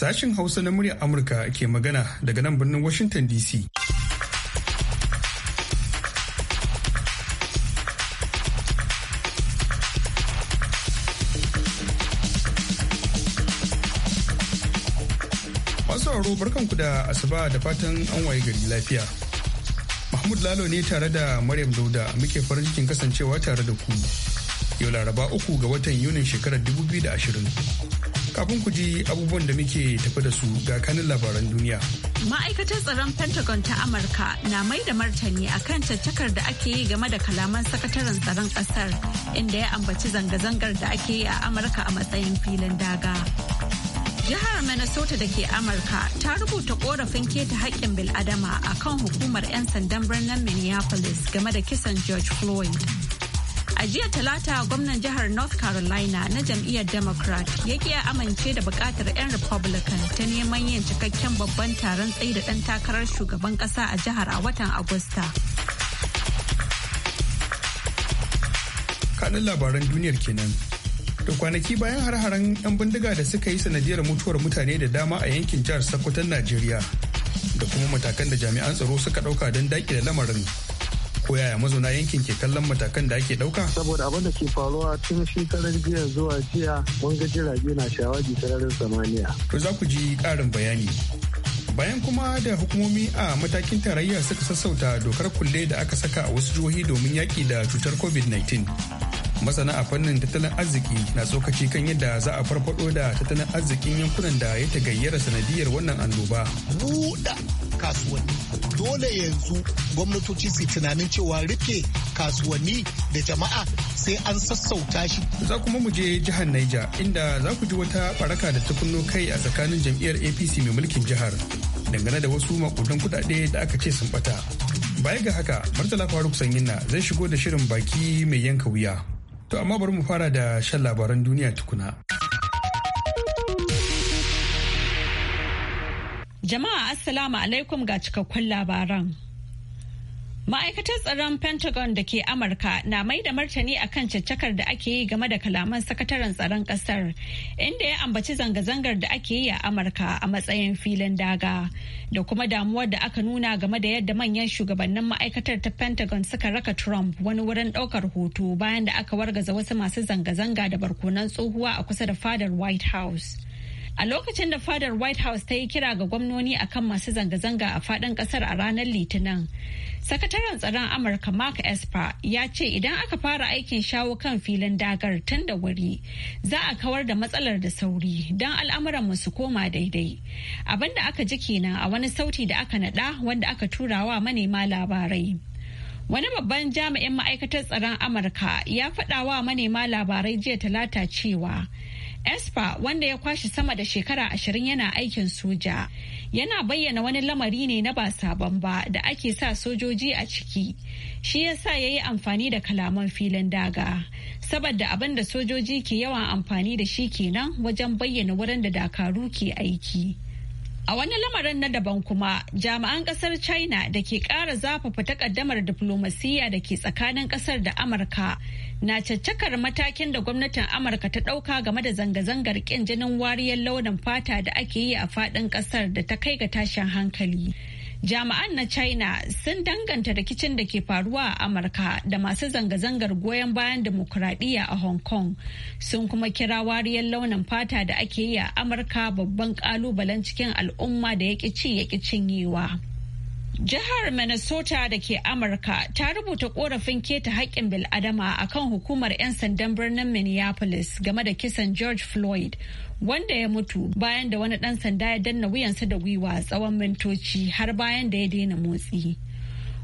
Sashen Hausa na muryar Amurka ke magana daga nan birnin Washington DC. barkan barkanku da asuba da fatan an waye gari lafiya. Mahmud Lalo ne tare da Maryam Dauda muke farin cikin kasancewa tare da ku. Yau Laraba uku ga watan Yunin shekarar 2020. Kafin ku ji abubuwan da muke tafi da su ga kanin labaran duniya. Ma'aikatar tsaron Pentagon ta Amurka na mai da martani kan caccakar da ake yi game da kalaman sakataren tsaron ƙasar inda ya ambaci zanga-zangar da ake yi a Amurka a matsayin filin daga. Jihar Minnesota da ke Amurka ta rubuta korafin keta haƙƙin bil'adama a kan hukumar 'yan sandan birnin Minneapolis game da kisan George Floyd. A jiya talata gwamnan jihar North Carolina na jam'iyyar Democrat ya kiya amince da bukatar 'yan Republican ta neman yin cikakken babban taron tsayi da ɗan takarar shugaban ƙasa a jihar a watan Agusta. Kanin labaran duniyar kenan. Da kwanaki bayan har-haren 'yan bindiga da suka yi sanadiyar mutuwar mutane da dama a yankin jihar Sokoton Najeriya da kuma matakan da jami'an tsaro suka ɗauka don daƙile lamarin. ko yaya mazauna yankin ke kallon matakan da ake dauka saboda abin da ke faruwa tun shekarar jiya zuwa jiya mun ga jirage na shawagi sararin samaniya to za ku ji karin bayani bayan kuma da hukumomi a matakin tarayya suka sassauta dokar kulle da aka saka a wasu jihohi domin yaki da cutar covid-19 masana a fannin tattalin arziki na tsokaci kan yadda za a farfado da tattalin arzikin yankunan da ya ta gayyara sanadiyar wannan annoba. kasuwanni dole yanzu gwamnatoci su tunanin cewa rufe kasuwanni da jama'a sai an sassauta shi za kuma mu je jihar Niger inda za ku ji wata ɓaraka da ta kunno kai a tsakanin jam'iyyar APC mai mulkin jihar dangane da wasu makudan kudade da aka ce sun bata baya ga haka Murtala Faruk sanyina zai shigo da shirin baki mai yanka wuya to amma bari mu fara da shan labaran duniya tukuna Jama'a Assalamu alaikum ga cikakkun labaran. Ma'aikatar tsaron Pentagon da ke Amurka na mai da martani a kan caccakar da ake yi game da kalaman sakataren tsaron ƙasar, inda ya ambaci zanga-zangar da ake yi a Amurka a matsayin filin daga, da kuma damuwar da aka nuna game da yadda manyan shugabannin ma'aikatar ta Pentagon suka raka Trump wani wurin ɗaukar hoto bayan da aka wargaza wasu masu zanga-zanga da barkonan tsohuwa a kusa da fadar White House. A lokacin da fadar White House ta yi kira ga gwamnoni akan masu zanga-zanga a faɗin ƙasar a ranar Litinin. Sakataren tsaron Amurka Mark Esper ya ce idan aka fara aikin shawo kan filin dagar tun da wuri za a kawar da matsalar da sauri don al'amuran su koma daidai. Abin da aka ji kenan a wani sauti da aka naɗa wanda aka tura wa manema labarai. Wani babban jami'in ma'aikatar tsaron Amurka ya faɗa wa manema labarai jiya talata cewa espa wanda ya kwashi sama da shekara ashirin yana aikin soja yana bayyana wani lamari ne na ba sabon ba da ake sa sojoji a ciki shi ya sa ya yi amfani da kalaman filin daga saboda abin da sojoji ke yawan amfani da shi kenan wajen bayyana wurin da dakaru ke aiki a wani lamarin na daban kuma jami'an kasar china da ke kara zafafa takaddamar diflomasiyya da ke tsakanin kasar da amurka na caccakar matakin da gwamnatin amurka ta ɗauka game da zanga-zangar ƙin jinin wariyar launin fata da ake yi a faɗin ƙasar da ta kai ga tashin hankali jami'an na china sun danganta rikicin da ke faruwa a amurka da masu zanga-zangar goyon bayan demokuraɗiyya a hong kong sun kuma kira wariyar launin fata da ake yi a amurka babban ƙalubalen cikin al'umma da ya ci ya cinyewa. Jihar Minnesota da ke Amurka ta rubuta korafin keta haƙƙin bil'adama a kan hukumar 'yan sandan birnin Minneapolis game da kisan George Floyd wanda ya mutu bayan da wani ɗan sanda ya danna wuyansa da gwiwa tsawon mintoci har bayan da ya daina motsi.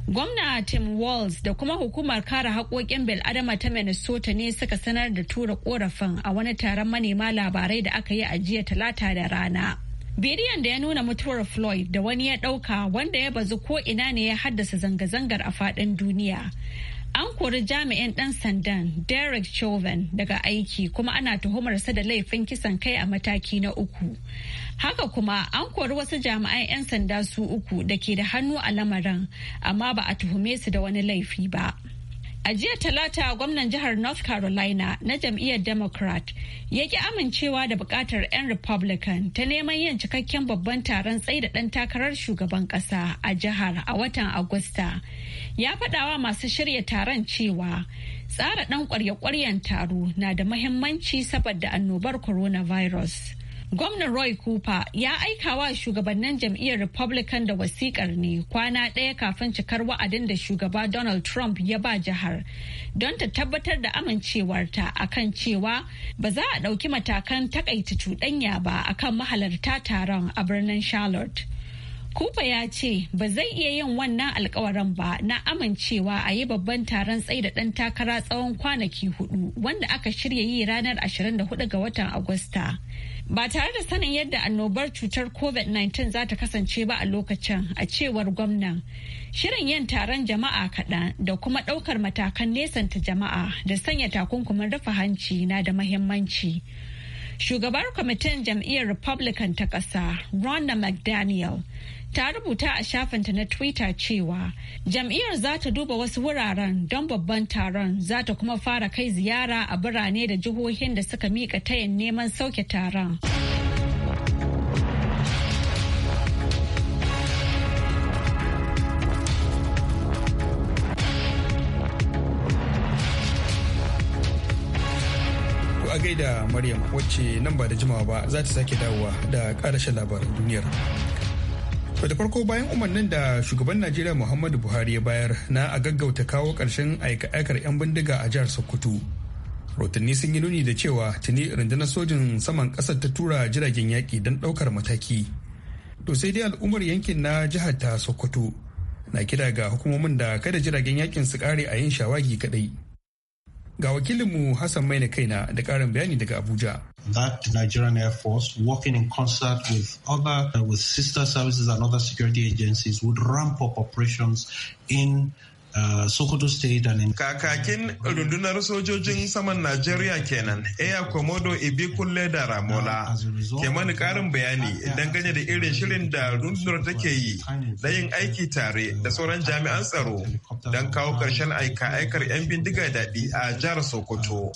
Gwamna Tim Walz da kuma hukumar kare haƙoƙin bil'adama ta Minnesota ne suka sanar da tura korafin a wani taron manema labarai da aka yi a jiya talata da rana. Bidiyon da ya nuna mutuwar Floyd da wani ya dauka wanda ya bazu ko ina ne ya haddasa zanga-zangar a fadin duniya. An kori jami'in dan sandan Derek Chauvin daga aiki kuma ana tuhumarsa da laifin kisan kai a mataki na uku. Haka kuma an kori wasu jami'an 'yan sanda su uku da ke da hannu a lamarin amma ba a tuhume su da wani laifi ba. A jiya talata gwamnan jihar North Carolina na jam'iyyar Democrat ya ki amincewa da bukatar 'yan Republican ta neman yin cikakken babban taron da ɗan takarar shugaban ƙasa a jihar a watan Agusta. Ya faɗawa masu shirya taron cewa tsara ɗan ƙwarya-ƙwaryen taro na da mahimmanci saboda annobar coronavirus. Gwamnan Roy Cooper ya aika wa shugabannin jam'iyyar Republican da wasikar ne kwana ɗaya kafin cikar wa'adin da shugaba Donald Trump ya ba jihar don ta tabbatar da amincewarta akan cewa ba za a ɗauki matakan takaita cuɗanya ba akan mahalarta taron a birnin Charlotte. Kufa ya ce ba zai iya yin wannan alkawarin ba na amincewa a yi babban taron tsaye da ɗan takara tsawon kwanaki hudu wanda aka shirya yi ranar 24 ga watan Agusta. ba tare da sanin yadda annobar cutar covid-19 za ta kasance ba a lokacin a cewar gwamnan shirin yin taron jama'a kaɗan da kuma ɗaukar matakan nesanta jama'a da sanya takunkumin rufe hanci na da mahimmanci shugabar kwamitin jam'iyyar republican ta ƙasa ronna mcdaniel ta rubuta a shafinta na twitter cewa jam'iyyar za ta duba wasu wuraren don babban taron za ta kuma fara kai ziyara a birane da jihohin da suka mika tayin neman sauke taron. a gaida Maryam wacce nan ba da jimawa ba za ta sake dawowa da karashin labaran duniyar. da farko bayan umarnin da shugaban najeriya muhammadu buhari ya bayar na a gaggauta kawo ƙarshen aika-aikar 'yan bindiga a jihar sokoto rotanni sun yi nuni da cewa tuni rundunar sojin saman ƙasar ta tura jiragen yaƙi don ɗaukar mataki to sai dai al'ummar yankin na jihar ta sokoto na kira ga hukumomin da kada jiragen yakin su kare a yin shawagi kaɗai. Ga wakilinmu Hassan Maina kaina da ƙarin bayani daga Abuja. That Nigerian Air Force, working in concert with other, uh, with sister services and other security agencies, would ramp up operations in Sokoto State ne. Kakakin rundunar sojojin saman Najeriya kenan, Eya Komodo ibikun da Ramola. Ke mani karin bayani dangane da irin shirin da rundunar take yi da yin aiki tare da sauran jami'an tsaro don kawo karshen aika-aikar 'yan bindiga daɗi a jihar Sokoto.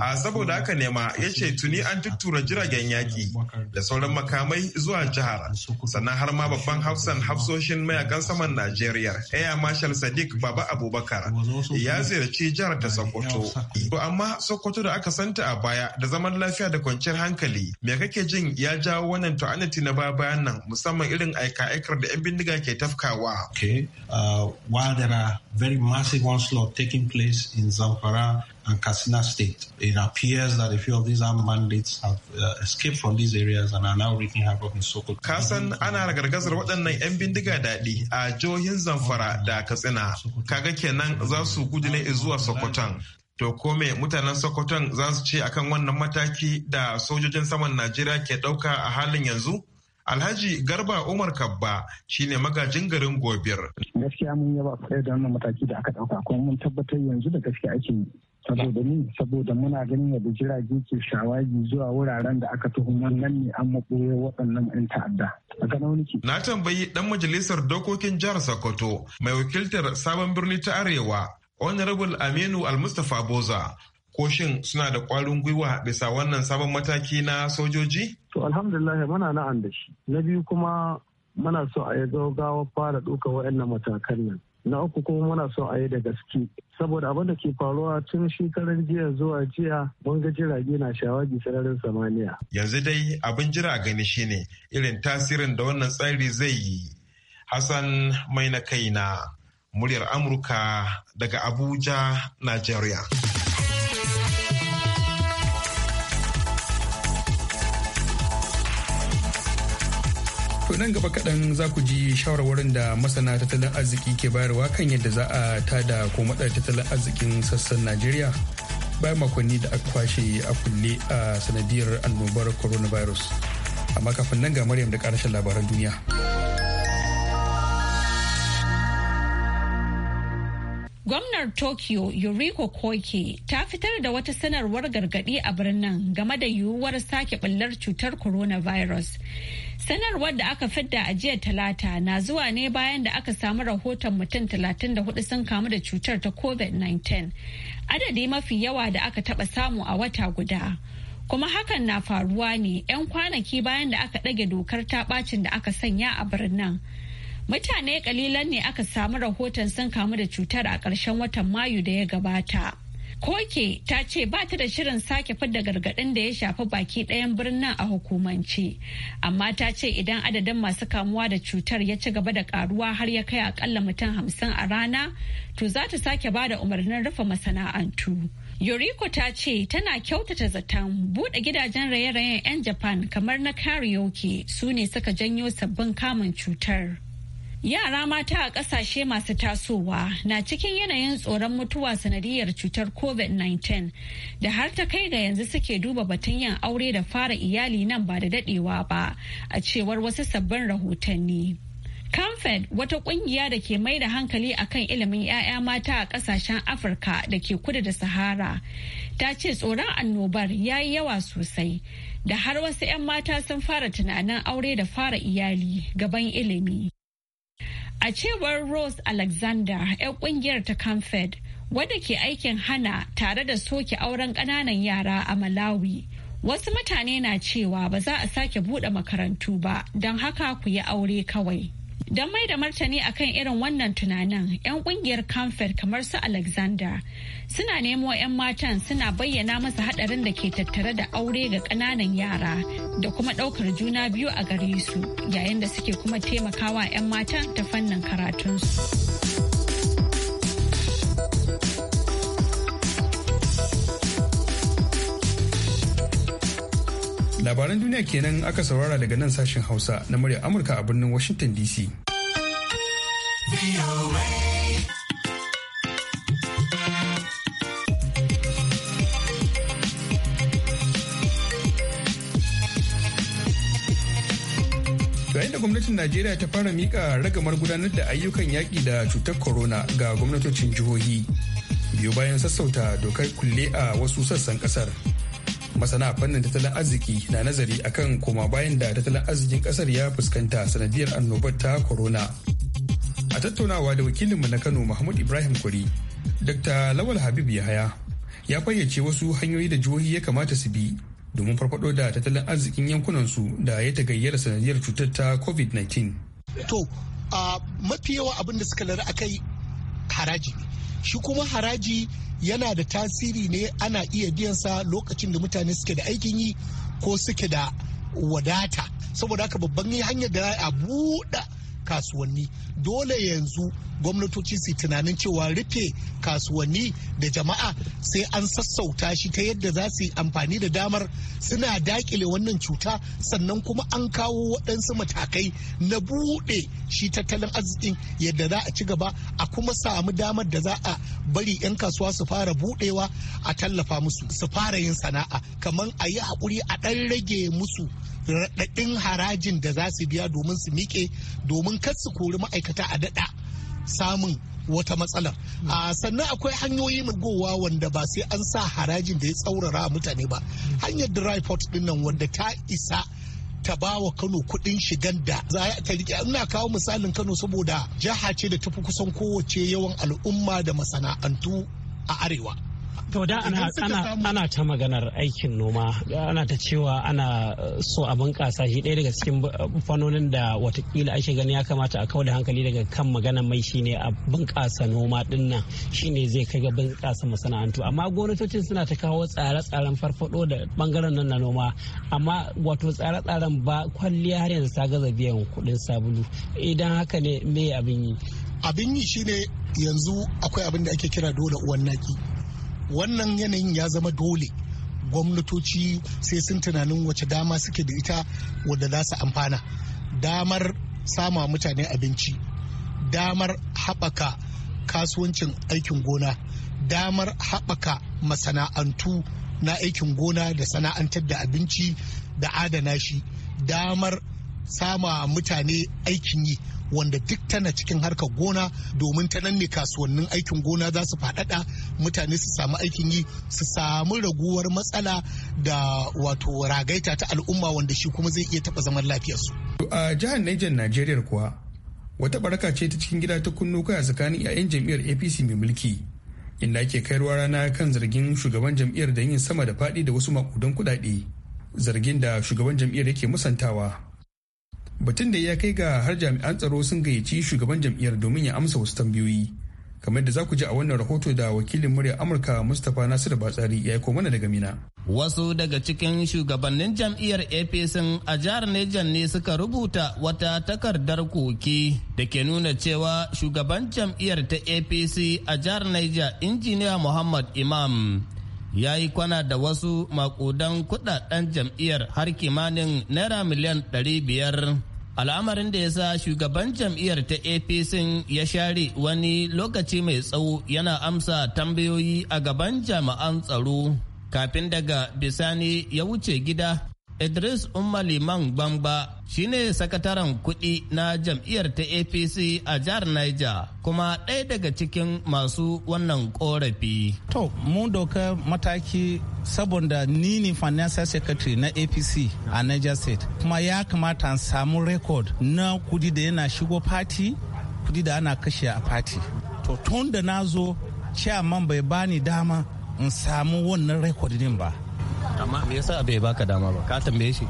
A saboda haka nema ya ce tuni an tuttura jiragen yaƙi da sauran makamai zuwa jihar. Sannan har ma babban hafsan hafsoshin mayakan saman Najeriya, Air Marshal Sadiq Bab Baba Abubakar ya ziyarci jihar ta Sokoto. To amma Sokoto da aka santa a baya da zaman lafiya da kwanciyar hankali me kake jin ya jawo wannan ta'anati na baya bayan nan musamman irin aika-aikar da 'yan bindiga ke tafkawa. Okay. Uh, while there are very massive onslaught taking place in Zamfara and Katsina State. It appears that a few of these armed bandits have uh, escaped from these areas and are now wreaking havoc in Sokoto. Kasan ana ragargazar waɗannan 'yan bindiga daɗi a jihohin Zamfara da Katsina. Kaga kenan za su gudu ne zuwa Sokoton. To ko me mutanen Sokoton za su ce akan wannan mataki da sojojin saman Najeriya ke ɗauka a halin yanzu? Alhaji Garba Umar Kabba shine magajin garin Gobir. Gaskiya mun yaba kwarai da wannan mataki da aka ɗauka kuma mun tabbatar yanzu da gaskiya ake yi. Saboda ni saboda muna ganin yadda jirage ke shawagi zuwa wuraren da aka tuhumar nan ne an maɓoye waɗannan 'yan ta'adda. Na tambayi ɗan majalisar dokokin jihar Sokoto mai wakiltar sabon birni ta Arewa Honorable Aminu Al-Mustapha Boza ko shin suna da kwarin gwiwa bisa wannan sabon mataki na sojoji? To alhamdulillah muna na'an da shi. Na biyu kuma muna so a yi gaggawa fara ɗauka waɗannan matakan nan. Na uku kuma muna so a yi da gaske. Saboda abin da ke faruwa tun shekarar jiya zuwa jiya mun ga jirage na shawagi sararin samaniya. Yanzu dai abin jira gani shine irin tasirin da wannan tsari zai yi. Hassan mai na kaina muryar Amurka daga Abuja, Najeriya. nan gaba kaɗan za ku ji shawarwarin da masana tattalin arziki ke bayarwa kan yadda za a tada ko maɗa tattalin arzikin sassan Najeriya bayan makonni da aka kwashe a kulle a sanadiyar annobar coronavirus. Amma kafin nan ga Maryam da ƙarshen labaran duniya. Gwamnar Tokyo Yuriko Koike ta fitar da wata sanarwar gargaɗi a birnin game da yiwuwar sake ɓullar cutar coronavirus. Sanarwar da aka fidda a jiya talata na zuwa ne bayan da aka samu rahoton mutum 34 sun kamu da cutar ta COVID-19. Adadi mafi yawa da aka taba samu a wata guda. Kuma hakan na faruwa ne 'yan kwanaki bayan da aka ɗage dokar ta bacin da aka sanya a birnin. Mutane kalilan ne aka samu rahoton sun kamu da cutar a ƙarshen watan Mayu da ya gabata. Koke ta ce ba ta da shirin sake fidda gargaɗin da ya shafi baki ɗayan birnin a hukumance. Amma ta ce idan adadin masu kamuwa da cutar ya ci gaba da karuwa har ya kai akalla mutum hamsin a rana, to za ta sake ba da umarnin rufe masana'antu. Yoriko ta ce tana kyautata zaton buɗe gidajen raye-rayen 'yan Japan kamar na karaoke su ne suka janyo sabbin kamun cutar. Yara mata a ƙasashe masu tasowa na cikin yanayin tsoron mutuwa sanadiyar cutar COVID-19 da har ta kai ga yanzu suke duba batun yin aure da fara iyali nan ba da daɗewa ba a cewar wasu sabbin rahotanni. Comfed wata ƙungiya da ke mai da hankali akan ilimin 'ya'ya mata a ƙasashen Afirka da ke kudu da Sahara ta ce tsoron annobar ya yi yawa sosai da har wasu 'yan mata sun fara tunanin aure da fara iyali gaban ilimi. A cewar Rose Alexander 'yar kungiyar ta Camfed wadda ke aikin hana tare da soke auren ƙananan yara a Malawi. Wasu mutane na cewa ba za a sake buɗe makarantu ba don haka ku yi aure kawai. Don mai da martani akan irin wannan tunanin, 'yan ƙungiyar kamfet kamar su Alexander suna nemo 'yan matan suna bayyana masa haɗarin da ke tattare da aure ga ƙananan yara da kuma ɗaukar juna biyu a gare su yayin da suke kuma taimakawa 'yan matan ta fannin karatunsu. labaran duniya kenan aka saurara daga nan sashen hausa na murya amurka a birnin washington dc yayin da gwamnatin najeriya ta fara mika ragamar gudanar da ayyukan yaƙi da cutar corona ga gwamnatocin jihohi biyu bayan sassauta dokar kulle a wasu sassan ƙasar. masana fannin tattalin arziki na nazari akan koma bayan da tattalin arzikin kasar ya fuskanta sanadiyar annobar ta corona a tattaunawa da wakilinmu na kano mahmud ibrahim kuri dr lawal habib yahaya ya fayyace wasu hanyoyi da jihohi ya kamata su bi domin farfado da tattalin arzikin yankunansu da ya tagayyara sanadiyar cutar ta covid-19 to mafi yawa abin da suka lura akai haraji shi kuma haraji yana da tasiri ne ana iya biyan sa lokacin da mutane suke da aikin yi ko suke da wadata saboda haka babban hanyar da za a buɗa. kasuwanni dole yanzu gwamnatoci su tunanin cewa rufe kasuwanni da jama'a sai an sassauta shi ta yadda za su yi amfani da damar suna dakile wannan cuta sannan kuma an kawo waɗansu matakai na buɗe shi tattalin arzikin yadda za a ci gaba a kuma samu damar da za a bari 'yan kasuwa su fara buɗewa a tallafa musu su fara yin sana'a kamar a yi haƙuri a ɗan rage musu raɗaɗin harajin da za su biya domin su miƙe domin kar su kori ma'aikata a daɗa samun wata matsalar hmm. ah, sannan akwai hanyoyi gowa wanda ba sai an sa harajin da ya tsaurara a mutane ba hmm. hanyar dry port nan wanda ta isa ta ba wa Kano kuɗin shigan da za ta rike ina kawo misalin Kano saboda jiha ce da tafi kusan kowace yawan al'umma da masana'antu a arewa to da ana ta maganar aikin noma ana ta cewa ana uh, so a bunƙasa shi ɗaya daga cikin uh, fanonin da watakila ake gani ya kamata a kawo da hankali daga kan magana mai shine a bunƙasa noma dinnan nan shine zai kai ga bunƙasa masana'antu amma gwamnatocin suna ta kawo tsare-tsaren farfado da bangaren nan na noma amma wato tsare-tsaren ba kwalliya har yanzu ta gaza biyan kuɗin sabulu idan haka ne me abin yi abin yi shine yanzu akwai abin da ake kira dole uwan naki wannan yanayin ya zama dole gwamnatoci sai sun tunanin wace dama suke da ita wadda za su amfana damar sama mutane abinci damar haɓaka kasuwancin aikin gona damar haɓaka masana'antu na aikin gona da sana'antar da abinci da adana shi damar sama mutane aikin yi wanda duk tana cikin harkar gona domin ta nan ne kasuwannin aikin gona za su faɗaɗa mutane su samu aikin yi su samu raguwar matsala da wato ragaita ta al'umma wanda shi kuma zai iya taɓa zaman lafiyarsu. a jihar Niger Najeriya kuwa wata baraka ce ta cikin gida ta kunno kai a tsakanin 'ya'yan jam'iyyar APC mai mulki inda ake kairuwa rana kan zargin shugaban jam'iyyar da yin sama da faɗi da wasu makudan kuɗaɗe zargin da shugaban jam'iyyar yake musantawa batun da ya kai ga har jami'an tsaro sun gayyaci shugaban jam'iyyar domin ya amsa wasu tambayoyi kamar da za ku ji a wannan rahoto da wakilin murya amurka mustapha nasir batsari ya yi koma mana daga mina wasu daga cikin shugabannin jam'iyyar apc a jihar niger ne suka rubuta wata takardar koke da ke nuna cewa shugaban jam'iyyar ta apc a jihar niger injiniya muhammad imam ya yi kwana da wasu makudan kudaden jam'iyyar har kimanin naira miliyan 500 al'amarin da ya sa shugaban jam'iyyar ta apc ya share wani lokaci mai tsawo yana amsa tambayoyi a gaban jami'an tsaro kafin daga bisani ya wuce gida Idris umar Liman Gbangba shine sakataren kuɗi na jam'iyyar ta APC a jihar Niger kuma ɗaya daga cikin masu wannan korafi. To, mun doka mataki saboda ni ne financial secretary na APC a Niger State kuma ya kamata samu rekod na kudi da yana shigo fati kudi da ana kashe a fati. To, tun da na zo, bai bani dama in samu wannan rekod din ba. amma me yasa bai baka dama ba ka tambaye shi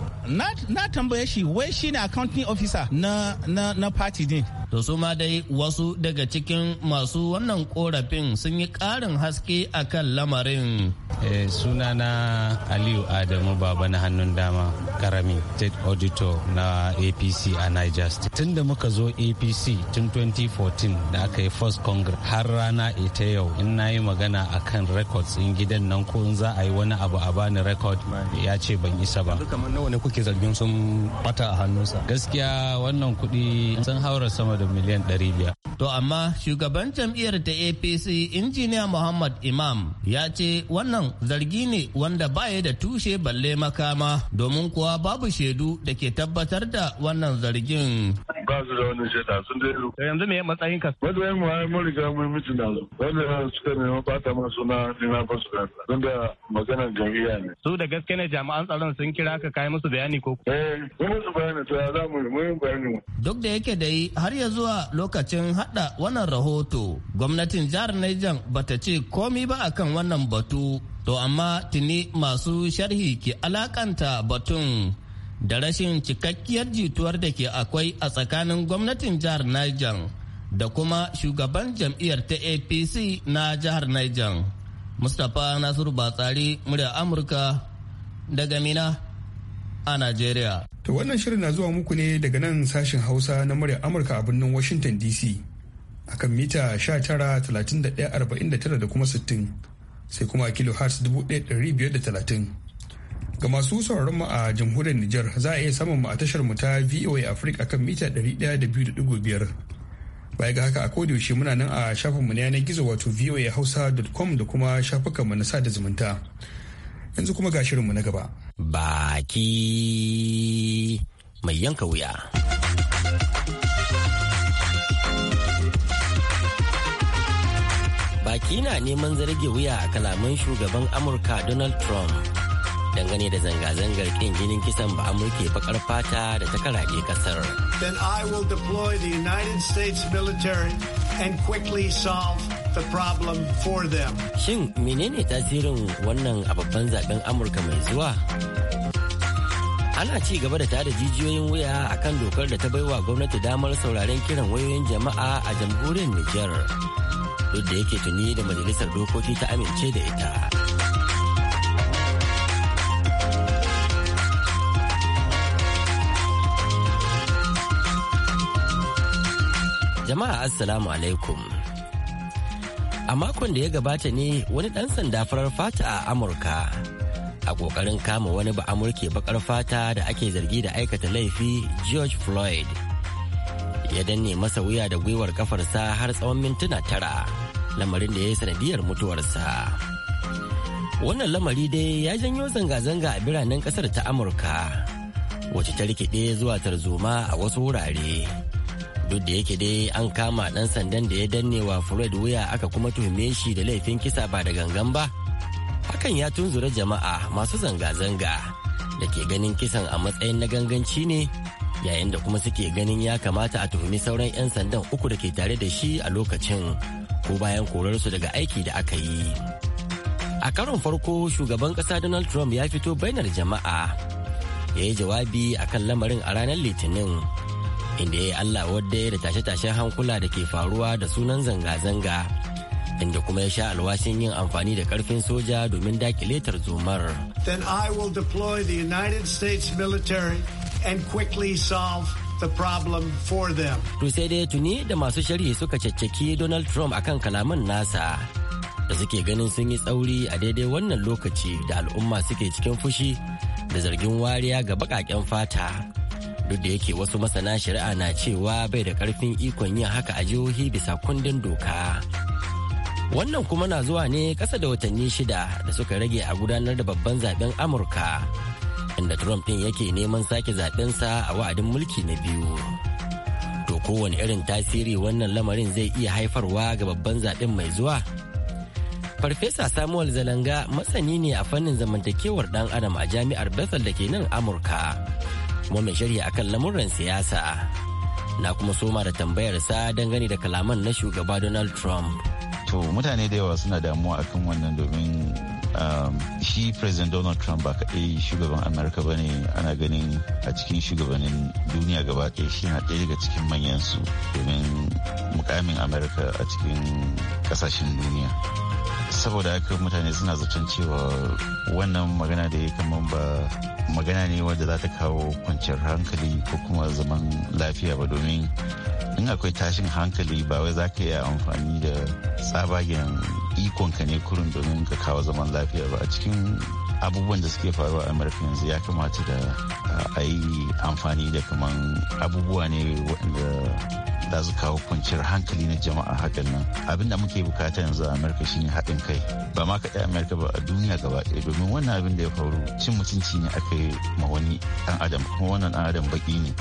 na tambaye shi wai shine accounting officer na na na party din To su ma dai wasu daga cikin masu wannan korafin sun yi ƙarin haske a kan lamarin. Eh, sunana Aliyu Adamu Baba na hannun dama karami state auditor na APC a Niger State. Tun da muka zo APC tun 2014 da aka yi first congress har rana ita yau in na yi magana a kan records in gidan nan ko in za a yi wani abu a bani record ya ce ban isa ba. Kamar nawa ne kuke zargin sun bata a hannunsa. Gaskiya wannan kuɗi sun haura sama da miliyan 500. To amma shugaban jam'iyyar ta APC injiniya Muhammad Imam ya ce wannan zargi ne wanda baya da tushe balle makama domin kuwa babu shaidu da ke tabbatar da wannan zargin. ba su da wani shaida sun da ru. yanzu me matsayin ka. wanda yan mu mun riga mun mutu da su wanda suka ba bata ma suna ni na basu da don da magana jami'a ne. su da gaske ne jami'an tsaron sun kira ka kai musu bayani ko. eh mun musu bayani to ya za mu yi bayani mu. duk da yake dai har ya zuwa lokacin hada wannan rahoto gwamnatin jihar Niger bata ce komi ba akan wannan batu. To amma tuni masu sharhi ke alakanta batun da rashin cikakkiyar jituwar da ke akwai a tsakanin gwamnatin jihar Niger da kuma shugaban jam'iyyar ta APC na jihar Niger. Mustapha Nasiru Batsari murya Amurka daga Mina a Najeriya. To wannan shirin na zuwa muku ne daga nan sashen Hausa na murya Amurka a birnin Washington DC. kan mita 19,31,49 da kuma 60 sai kuma a hertz 1530 Ga masu sauraron mu a jamhuriyar Nijar za a iya samun mu a tashar mu ta VOA Africa kan mita 102.5. Baya ga haka a yaushe muna nan a shafin mu na yanar gizo wato voahausa.com da kuma shafukan mu na sada zumunta. Yanzu kuma ga shirinmu na gaba. Baki mai yanka wuya. Baki na neman zarge wuya a kalaman shugaban Amurka Donald Trump. dangane da zanga-zangar kin jinin kisan ba amurke bakar fata da ta karaɗe kasar. Then I will deploy the United States military and quickly solve the problem for them. Shin menene tasirin wannan a babban zaben Amurka mai zuwa? Ana ci gaba da tada jijiyoyin wuya a kan dokar da ta baiwa gwamnati damar sauraren kiran wayoyin jama'a a jamhuriyar Nijar. Duk da yake tuni da majalisar dokoki ta amince da ita. Jama'a Assalamu alaikum. A makon da ya gabata ne wani ɗan sanda farar fata a Amurka. A ƙoƙarin kama wani ba Amurke baƙar fata da ake zargi da aikata laifi George Floyd. Ya danne masa wuya da gwiwar kafarsa har tsawon mintuna tara, lamarin da ya yi sanadiyar mutuwarsa. Wannan lamari dai ya janyo zanga-zanga a biranen ƙasar ta Amurka, wacce ta rikide zuwa tarzoma a wasu wurare. duk da yake dai an kama dan sandan da ya danne wa fred wuya aka kuma tuhume shi da laifin kisa ba da gangan ba hakan ya tunzura jama'a masu zanga-zanga da ke ganin kisan a matsayin na ganganci ne yayin da kuma suke ganin ya kamata a tuhumi sauran 'yan sandan uku da ke tare da shi a lokacin ko bayan korarsu daga aiki da aka yi a karon farko shugaban kasa donald trump ya fito bainar jama'a ya yi jawabi akan lamarin a ranar litinin inda ya yi Allah wadda da tashe-tashen hankula da ke faruwa da sunan zanga-zanga inda kuma ya sha alwashin yin amfani da karfin soja domin dakiletar tarzomar. Then I will deploy the United States military and quickly solve the problem for them. To sai dai tuni da masu sharhi suka caccaki Donald Trump akan kalaman nasa da suke ganin sun yi tsauri a daidai wannan lokaci da al'umma suke cikin fushi da zargin wariya ga baƙaƙen fata. duk da yake wasu masana shari'a na cewa bai da karfin ikon yin haka a jihohi bisa kundin doka wannan kuma na zuwa ne kasa da watanni shida da suka rage a gudanar da babban zaben amurka inda trump din yake neman sake zaɓensa a wa'adin mulki na biyu to kowane irin tasiri wannan lamarin zai iya haifarwa ga babban zaɓen mai zuwa Farfesa Samuel Zalanga masani ne a fannin zamantakewar ɗan adam a jami'ar Bethel da ke nan Amurka. kuma mai shirya akan lamuran siyasa na kuma soma da tambayar sa dangane da kalaman na shugaba donald trump to mutane da yawa suna damuwa akan wannan domin um, shi president donald trump ba kaɗai shugaban amurka ba ne ana ganin a cikin shugabannin duniya gaba ɗaya shi na ɗaya daga cikin manyansu domin mukamin amurka a cikin ƙasashen duniya saboda haka mutane suna zaton cewa wannan magana da ya kamar ba magana ne wadda za ta kawo kwanciyar hankali ko kuma zaman lafiya ba domin in akwai tashin hankali ba wai za ka yi amfani da tsabagen ikonka ne kurin domin ka kawo zaman lafiya ba a cikin abubuwan da suke faruwa a amurka yanzu ya kamata da a yi amfani da kaman abubuwa ne waɗanda da su kawo kwanciyar hankali na jama'a hakan nan abin da muke bukata yanzu a amurka shine haɗin kai ba ma kaɗai amurka ba a duniya gaba ɗaya domin wannan abin da ya faru cin mutunci ne aka yi ma wani ɗan adam kuma wannan ɗan adam baƙi ne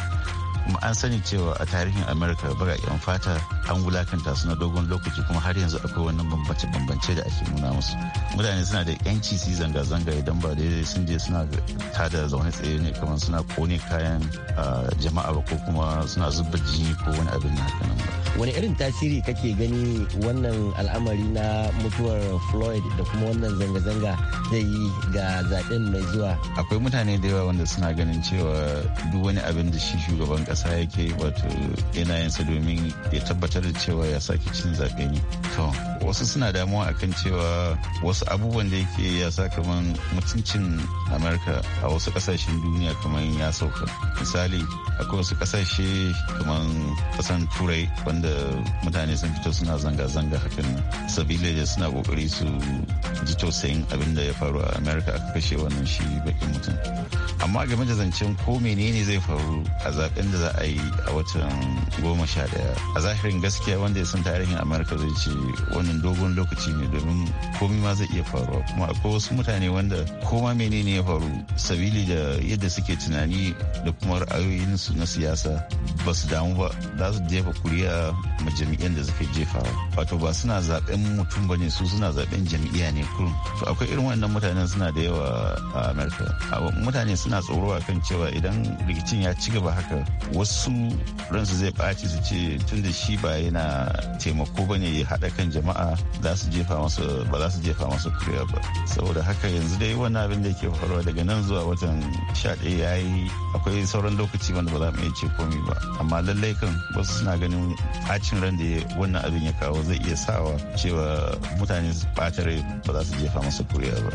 kuma an sani cewa a tarihin america yan fata an wulakanta su na dogon lokaci kuma har yanzu akwai wani bambance-bambance da ake nuna musu mutane suna da yanci su zanga-zanga idan ba daidai sun je suna tada zaune tsaye ne kamar suna kone kayan jama'a ba ko kuma suna zubar jini ko wani abin haka nan ba wani irin tasiri kake gani wannan al'amari na mutuwar floyd da kuma wannan zanga-zanga zai yi ga zaɓen mai zuwa akwai mutane da yawa wanda suna ganin cewa duk wani abin da shi shugaban kasa yake wato yana domin ya tabbatar da cewa ya sake cin zaɓe ne to wasu suna damuwa akan cewa wasu abubuwan da yake ya sa kamar mutuncin amurka a wasu ƙasashen duniya kamar ya sauka misali akwai wasu ƙasashe kamar ƙasan turai wanda mutane sun fito suna zanga-zanga hakan sabila da suna kokari su ji tausayin abin da ya faru a amurka aka kashe wannan shi bakin mutum amma game da zancen ko menene zai faru a zaben da za a yi a watan goma sha daya a zahirin gaskiya wanda ya san tarihin amurka zai ce wannan dogon lokaci ne domin komi ma zai iya faruwa kuma akwai wasu mutane wanda koma menene ya faru sabili da yadda suke tunani da kuma ra'ayoyinsu na siyasa ba su damu ba za su jefa kuri'a ma jami'an da suke jefawa wato ba suna zaben mutum ba ne su suna zaben jami'a ne kurum to akwai irin wannan mutanen suna da yawa a amurka mutane suna tsoro kan cewa idan rikicin ya ci gaba haka wasu ransu zai ɓaci su ce tun da shi ba yana taimako ba ne haɗa kan jama'a za su jefa masu ba za su jefa masu kuriya ba saboda haka yanzu dai wani abin da ke faruwa daga nan zuwa watan sha ɗaya ya yi akwai sauran lokaci wanda ba za mu iya ce komi ba amma lallai kan wasu suna ganin ɓacin ran da wannan abin ya kawo zai iya sawa cewa mutane su ɓata rai ba za su jefa masu kuriya ba.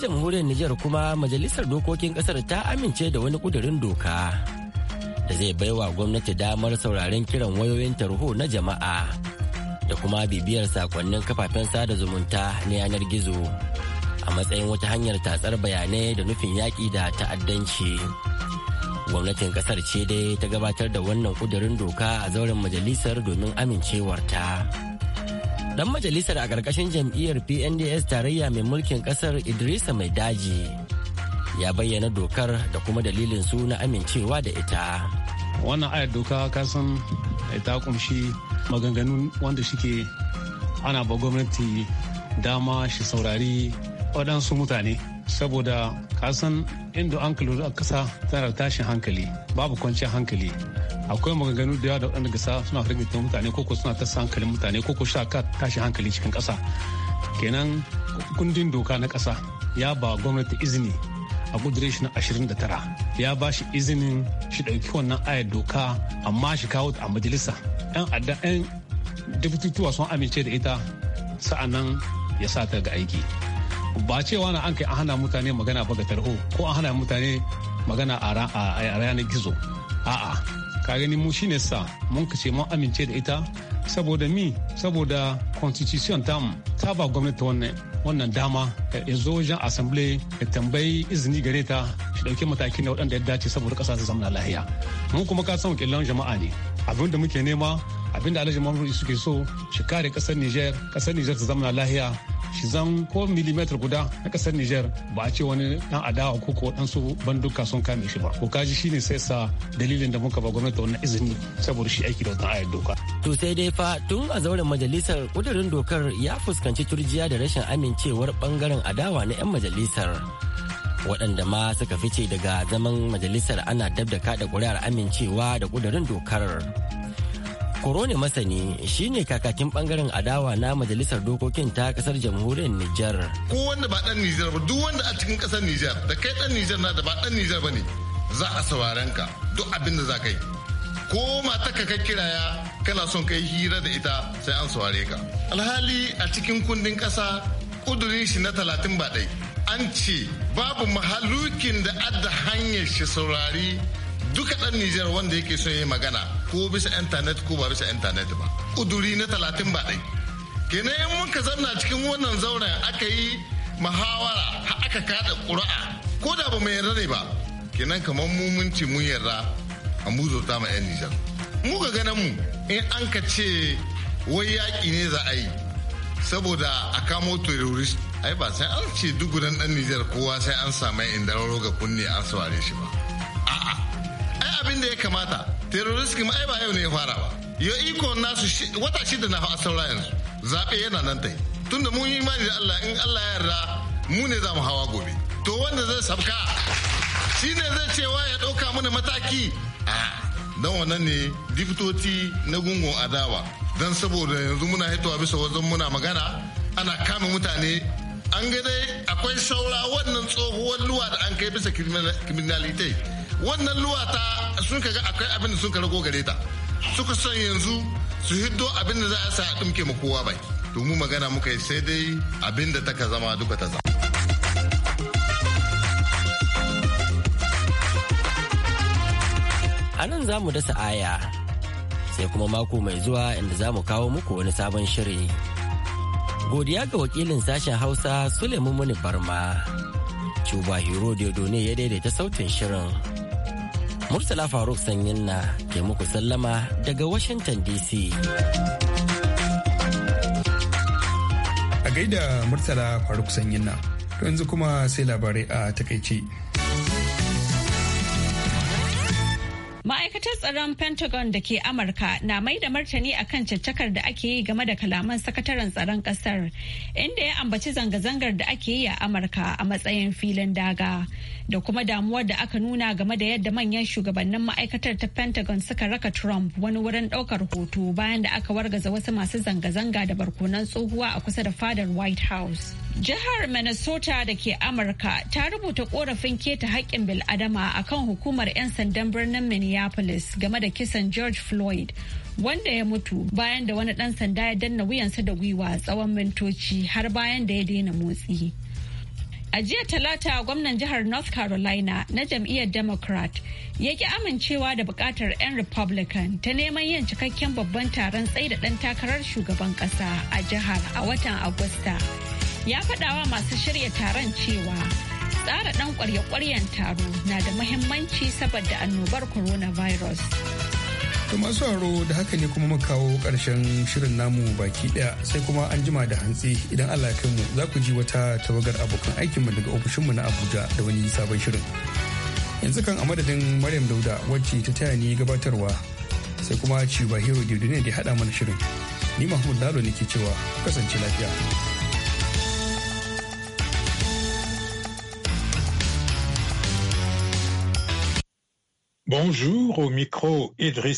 jamhuriyar Nijar kuma majalisar dokokin kasar ta amince da wani kudurin doka da zai baiwa gwamnati damar sauraren kiran wayoyin tarho na jama'a da kuma bibiyar sakonnin kafafen sada zumunta na yanar gizo a matsayin wata hanyar tatsar bayanai da nufin yaƙi da ta'addanci. Gwamnatin kasar ce dai ta gabatar da wannan kudurin doka a zauren majalisar domin amincewarta. ta. dan majalisar a ƙarƙashin jam'iyyar pnds tarayya mai mulkin ƙasar idrisa mai daji ya bayyana dokar da kuma dalilin su na amincewa da ita wannan ayar doka kasan ta kumshi maganganun wanda shike ana ba gwamnati dama shi saurari waɗansu mutane saboda kasan inda an a kasa tana da tashin hankali babu kwanciyar hankali akwai maganganu da yawa da wadanda gasa suna firgita mutane koko suna tasa hankalin mutane koko sha ka tashin hankali cikin kasa kenan kundin doka na kasa ya ba gwamnati izini a na 29 ya ba shi izinin shi ɗauki wannan ayar doka amma shi kawo a majalisa 'yan adda 'yan dubututuwa sun amince da ita sa'annan ya sa ta ga aiki ba cewa na an kai an hana mutane magana ba ga tarho ko an hana mutane magana a ranar gizo a'a ka gani mu shine sa mun kace mun amince da ita saboda mi saboda constitution tam ta ba gwamnati wannan wannan dama ya zo wajen assembly ya tambayi izini gare ta shi dauke matakin na waɗanda ya dace saboda kasa ta zama lahiya mun kuma ka san wakilan jama'a ne abin da muke nema abin da alhaji mamuru suke so shi kare ƙasar niger ƙasar niger ta zama lahiya Shizan ko milimetar guda na kasar Nijar ba a ce wani dan adawa ko ko su banduka sun kame shi ba. Ko kaji shine sai sa dalilin da muka ba gwamnati wannan izini saboda shi aiki da wannan ayar doka. To sai dai fa tun a zauren majalisar kudurin dokar ya fuskanci turjiya da rashin amincewar bangaren adawa na 'yan majalisar. waɗanda ma suka fice daga zaman majalisar ana dabda da kada ƙuri'ar amincewa da ƙudurin dokar. Korone Masani shine kakakin bangaren adawa na majalisar dokokin ta kasar jamhuriyar Nijar. Ko wanda ba dan Nijar ba duk wanda a cikin kasar Nijar da kai dan Nijar na da ba dan Nijar bane za a sauraren ka duk abin da za ka yi. Ko mata ka kiraya kana son kai hira da ita sai an saurare ka. Alhali a cikin kundin kasa kudurin shi na talatin ba ɗai an ce babu mahalukin da adda hanyar shi saurari duka dan Nijar wanda yake son yi magana. ko bisa intanet ko ba bisa intanet ba kuduri na talatin ba ɗai kenan in muka zanna cikin wannan zauren aka yi mahawara har aka kada ƙuri'a ko da ba mu yarda ne ba kenan kamar mu mun mun yarda a mu ta ma yan nijar mu ga ganin mu in an ka ce wai yaƙi ne za a yi saboda a kamo terrorist ai ba sai an ce dugunan dan nijar kowa sai an samu inda ga kunne an saware shi ba a'a abin da ya kamata terrorist kuma ai ba yau ne ya fara ba ya iko nasu wata shida na fa saura yanzu zaɓe yana nan tai tunda mun yi imani da Allah in Allah ya yarda mu ne za mu hawa gobe to wanda zai sabka shine zai cewa ya ɗauka mana mataki a dan wannan ne diptoti na gungun adawa dan saboda yanzu muna hitowa bisa wajen muna magana ana kama mutane an gane akwai saura wannan tsohuwar luwa da an kai bisa criminality wannan luwata sun kaga akwai abin da sun rago gare ta suka son yanzu su hiddo abin da za a sa a ɗumke ma kowa baki to mu magana muka yi sai dai abin da taka zama duka ta zama a nan za mu dasa aya sai kuma mako mai zuwa inda za mu kawo muku wani sabon shiri godiya ga wakilin sashen hausa suleiman muni barma cuba hero ne ya daidaita sautin shirin Murtala Faruk Sanyin na ke muku sallama daga Washington DC. A gaida Murtala Faruk Sanyin na, yanzu kuma sai labarai a takaice. Ma'aikatar tsaron Pentagon da ke Amurka na mai da martani a kan caccakar da ake yi game da kalaman sakataren tsaron kasar inda ya ambaci zanga-zangar da ake yi a Amurka a matsayin filin daga, da kuma damuwar da aka nuna game da yadda manyan shugabannin ma'aikatar ta Pentagon suka raka Trump wani wurin daukar hoto bayan da aka wargaza wasu masu zanga-zanga da barkonan tsohuwa a kusa da fadar White House. Jihar Minnesota da ke Amurka ta rubuta korafin keta haƙƙin bil'adama akan hukumar 'yan sandan birnin Minneapolis. angeles game da kisan george floyd wanda ya mutu bayan da wani dan sanda ya danna wuyansa da gwiwa tsawon mintoci har bayan da ya daina motsi a jiya talata gwamnan jihar north carolina na jam'iyyar democrat ya ki amincewa da bukatar 'yan republican ta neman yin cikakken babban taron da ɗan takarar shugaban kasa a jihar a watan agusta ya faɗawa masu shirya taron cewa tsara ɗan kwarya kwaryan taro na da mahimmanci saboda annobar coronavirus. To masu haro da haka ne kuma kawo karshen shirin namu baki ɗaya sai kuma an jima da hantsi idan Allah ya mu za ku ji wata tawagar abokan aikinmu daga ofishinmu na Abuja da wani sabon shirin. Yanzu kan a madadin Maryam Dauda wacce ta taya ni gabatarwa sai kuma Ciba Hero ne da haɗa mana shirin. Ni Mahmud Lalo ne ke cewa kasance lafiya. Bonjour, au micro Idriss